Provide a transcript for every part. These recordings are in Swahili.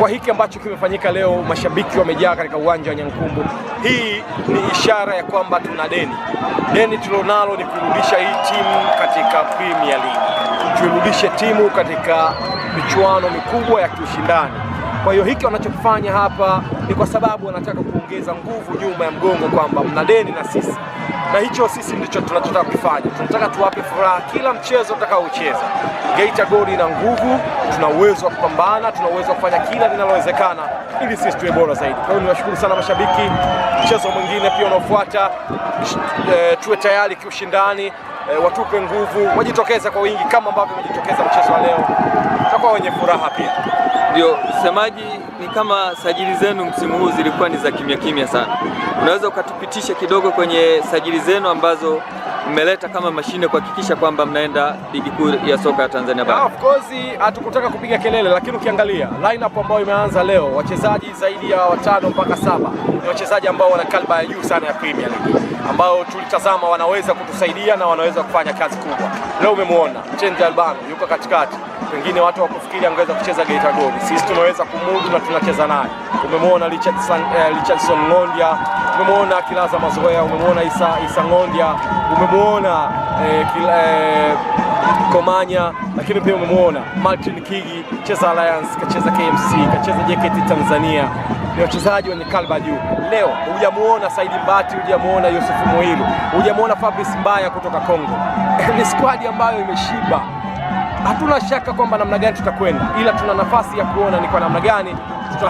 Kwa hiki ambacho kimefanyika leo, mashabiki wamejaa katika uwanja wa Nyankumbu. Hii ni ishara ya kwamba tuna deni. Deni tulilonalo ni kurudisha hii timu katika Premier League, tuirudishe timu katika michuano mikubwa ya kiushindani. Kwa hiyo hiki wanachokifanya hapa ni kwa sababu wanataka kuongeza nguvu nyuma ya mgongo, kwamba mna deni na sisi, na hicho sisi ndicho tunachotaka kufanya. Tunataka tuwape furaha kila mchezo utakaocheza. Geita Gold ina nguvu, tuna uwezo wa kupambana, tuna uwezo wa kufanya kila linalowezekana ili sisi tuwe bora zaidi. Kwa hiyo niwashukuru sana mashabiki. Mchezo mwingine pia unaofuata, e, tuwe tayari kiushindani e, watupe nguvu, wajitokeze kwa wingi kama ambavyo wamejitokeza mchezo wa leo, tutakuwa wenye furaha pia. Ndio semaji, ni kama sajili zenu msimu huu zilikuwa ni za kimya kimya sana, unaweza ukatupitisha kidogo kwenye sajili zenu ambazo mmeleta kama mashine kuhakikisha kwamba mnaenda ligi kuu ya soka ya Tanzania Bara. Of course eh, hatukutaka kupiga kelele, lakini ukiangalia lineup ambayo imeanza leo, wachezaji zaidi ya watano mpaka saba ni wachezaji ambao wana kalba ya juu sana ya Premier League, ambao tulitazama wanaweza kutusaidia na wanaweza kufanya kazi kubwa. Leo umemwona Chenzi Albano yuko katikati pengine watu wakufikiri angeweza kucheza Geita Gold. Sisi tumeweza kumudu na tunacheza naye. Umemwona Richardson, eh, Richardson Ng'ondia, umemwona Kilaza Mazoea, umemwona Isa, Isa Ng'ondia, umemwona eh, kil, eh, Komanya, lakini pia umemwona Martin Kigi cheza Alliance, kacheza KMC, kacheza JKT Tanzania. Ni wachezaji wenye kalba juu. Leo hujamuona Saidi Mbati, hujamuona Yusuf Muhiru, hujamuona Fabrice Mbaya kutoka Kongo. Ni squad ambayo imeshiba hatuna shaka kwamba namna gani tutakwenda, ila tuna nafasi ya kuona ni kwa namna gani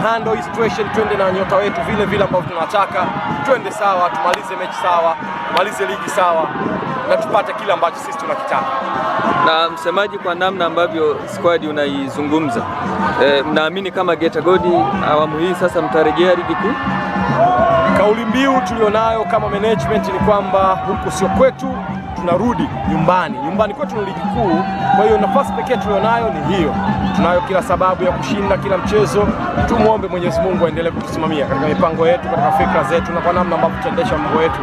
handle hii situation, twende na nyota wetu vile vile ambavyo tunataka, twende sawa, tumalize mechi sawa, tumalize ligi sawa na tupate kile ambacho sisi tunakitaka. Na msemaji, kwa namna ambavyo squad unaizungumza, e, mnaamini kama Geita Gold awamu hii sasa mtarejea ligi kuu? Kauli mbiu tulionayo kama management ni kwamba huku sio kwetu tunarudi nyumbani. Nyumbani kwetu ni ligi kuu, kwa hiyo nafasi pekee tulionayo ni hiyo. Tunayo kila sababu ya kushinda kila mchezo. Tumwombe Mwenyezi Mungu aendelee kutusimamia katika mipango yetu, katika fikra zetu, na kwa namna ambavyo tutaendesha mambo yetu,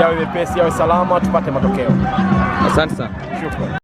yawe mepesi, yawe salama, tupate matokeo. Asante sana, shukrani.